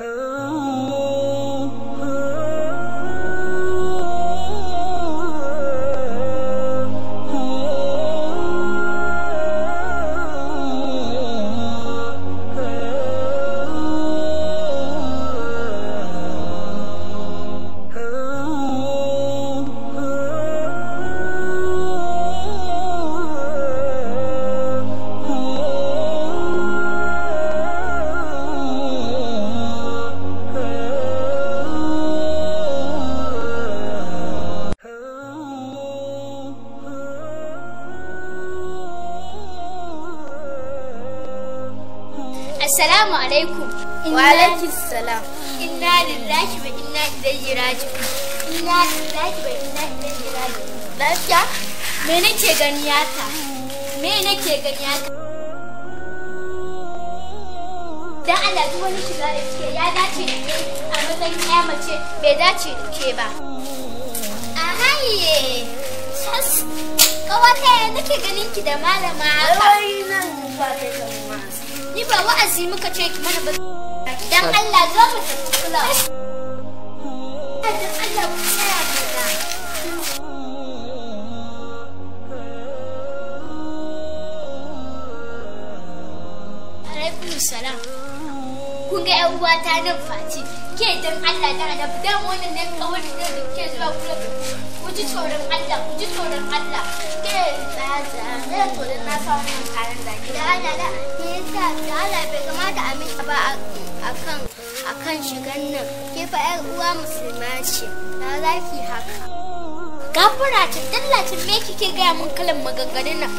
Oh. Assalamu alaikum. Wa alaikum salam. Inna lillahi wa inna ilaihi raji'un. Inna lillahi wa inna ilaihi raji'un. Lafiya? Me nake gani ta? Me nake gani ta? Dan Allah duk wani shiga da kike ya dace da ke a matsayin ya mace bai dace da ke ba. A haye. Sas. Kawata ya nake ganin ki da malama haka. Wai nan ba ta kan masa. Ni ba wa'azi muka ce mana ba. Dan Allah zo mu tafi kula. Dan Allah ku tsaya gida. Alaikum salam. Kun ga ƴan uwata nan Fati. Ke dan Allah tana da dan wannan ne wani da ke zuwa kula. Ku ji tsoron Allah, ku ji tsoron Allah. Ke tsaya tsaya. Ne tsoron na samu kayan da gida. Da Allah da Allah bai ba akan nan yar uwa musulma ce za ki haka gafara ta dallacin me kike gaya mun kalan maganganun nan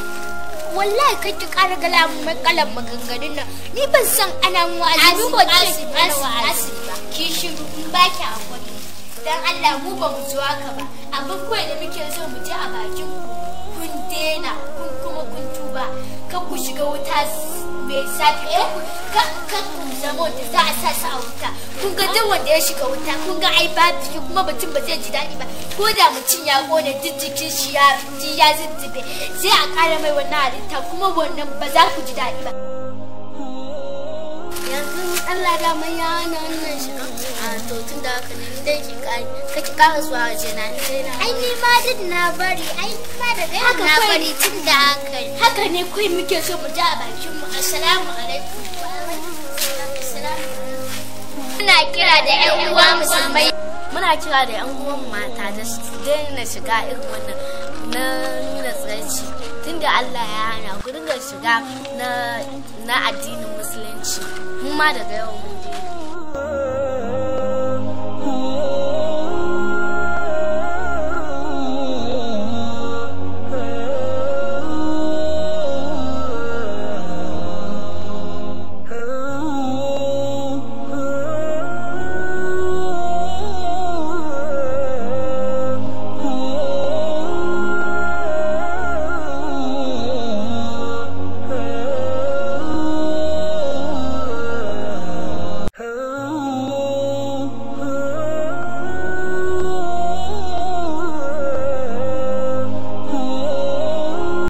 wallahi kai ki ƙara gala mun kalan maganganun nan ni ban san ana mu azu ko ce ba ki shiru in baki akwai dan Allah mu ba mu zuwa ka ba abin kawai da muke so mu je a bakin ku kun dena kun kuma kun tuba ka ku shiga wuta gobe safe eh, kan kun zama da za a sa su a wuta kun ga duk wanda ya shiga wuta kun ga ai babu shi kuma mutum ba zai ji daɗi ba ko da mutum ya kone duk shi ya ji ya zuzzube sai a ƙara mai wannan halitta kuma wannan ba za ku ji daɗi ba. Allah da mai ya nan wannan shiga a to tun da haka ne dai ki kai ka ki kara zuwa waje na ai ni ma duk na bari ai ma da dai na bari tun da haka haka ne kai muke so mu ji a bakin mu assalamu alaikum muna kira da yan uwa musulmai muna kira da yan uwan mata da su daina shiga irin wannan na nuna tun da Allah ya hana ku dinga shiga na addinin musulunci ma daga yau